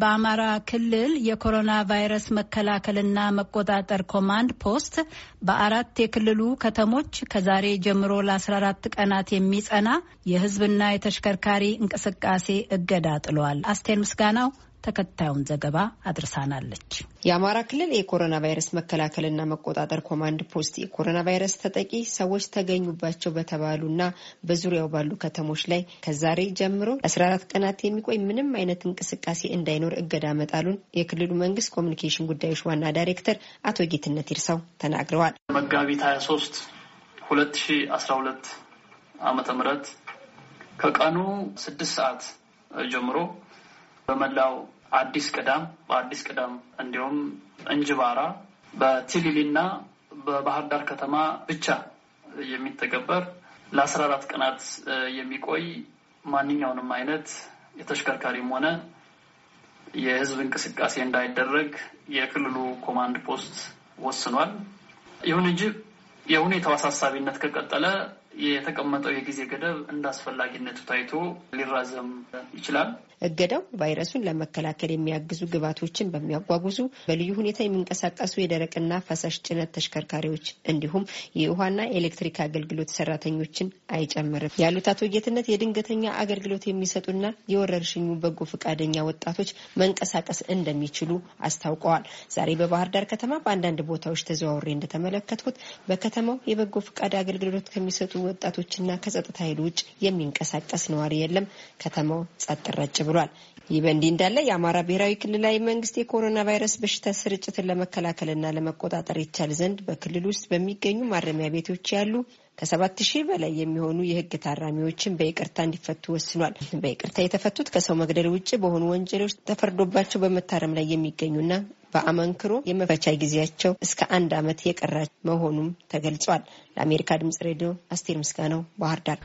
በአማራ ክልል የኮሮና ቫይረስ መከላከልና መቆጣጠር ኮማንድ ፖስት በአራት የክልሉ ከተሞች ከዛሬ ጀምሮ ለ14 ቀናት የሚጸና የሕዝብና የተሽከርካሪ እንቅስቃሴ እገዳ ጥሏል። አስቴር ምስጋናው ተከታዩን ዘገባ አድርሳናለች። የአማራ ክልል የኮሮና ቫይረስ መከላከልና መቆጣጠር ኮማንድ ፖስት የኮሮና ቫይረስ ተጠቂ ሰዎች ተገኙባቸው በተባሉና በዙሪያው ባሉ ከተሞች ላይ ከዛሬ ጀምሮ 14 ቀናት የሚቆይ ምንም አይነት እንቅስቃሴ እንዳይኖር እገዳ መጣሉን የክልሉ መንግስት ኮሚኒኬሽን ጉዳዮች ዋና ዳይሬክተር አቶ ጌትነት ይርሳው ተናግረዋል። መጋቢት 23 2012 ዓመተ ምህረት ከቀኑ ስድስት ሰዓት ጀምሮ በመላው አዲስ ቅዳም፣ በአዲስ ቅዳም እንዲሁም እንጅባራ በቲሊሊና በባህር ዳር ከተማ ብቻ የሚተገበር ለአስራ አራት ቀናት የሚቆይ ማንኛውንም አይነት የተሽከርካሪም ሆነ የህዝብ እንቅስቃሴ እንዳይደረግ የክልሉ ኮማንድ ፖስት ወስኗል። ይሁን እንጂ የሁኔታው አሳሳቢነት ከቀጠለ የተቀመጠው የጊዜ ገደብ እንደ አስፈላጊነቱ ታይቶ ሊራዘም ይችላል። እገዳው ቫይረሱን ለመከላከል የሚያግዙ ግብዓቶችን በሚያጓጉዙ በልዩ ሁኔታ የሚንቀሳቀሱ የደረቅና ፈሳሽ ጭነት ተሽከርካሪዎች እንዲሁም የውሃና ኤሌክትሪክ አገልግሎት ሰራተኞችን አይጨምርም ያሉት አቶ ጌትነት የድንገተኛ አገልግሎት የሚሰጡና የወረርሽኙ በጎ ፈቃደኛ ወጣቶች መንቀሳቀስ እንደሚችሉ አስታውቀዋል። ዛሬ በባህር ዳር ከተማ በአንዳንድ ቦታዎች ተዘዋውሬ እንደተመለከትኩት በከተማው የበጎ ፈቃድ አገልግሎት ከሚሰጡ ወጣቶችና ከጸጥታ ኃይል ውጭ የሚንቀሳቀስ ነዋሪ የለም። ከተማው ጸጥ ረጭ ብሏል። ይህ በእንዲህ እንዳለ የአማራ ብሔራዊ ክልላዊ መንግስት የኮሮና ቫይረስ በሽታ ስርጭትን ለመከላከልና ለመቆጣጠር ይቻል ዘንድ በክልል ውስጥ በሚገኙ ማረሚያ ቤቶች ያሉ ከሰባት ሺህ በላይ የሚሆኑ የህግ ታራሚዎችን በይቅርታ እንዲፈቱ ወስኗል። በይቅርታ የተፈቱት ከሰው መግደል ውጭ በሆኑ ወንጀሎች ተፈርዶባቸው በመታረም ላይ የሚገኙና በአመንክሮ የመፈቻ ጊዜያቸው እስከ አንድ ዓመት የቀራች መሆኑም ተገልጿል። ለአሜሪካ ድምጽ ሬዲዮ አስቴር ምስጋናው ባህር ዳር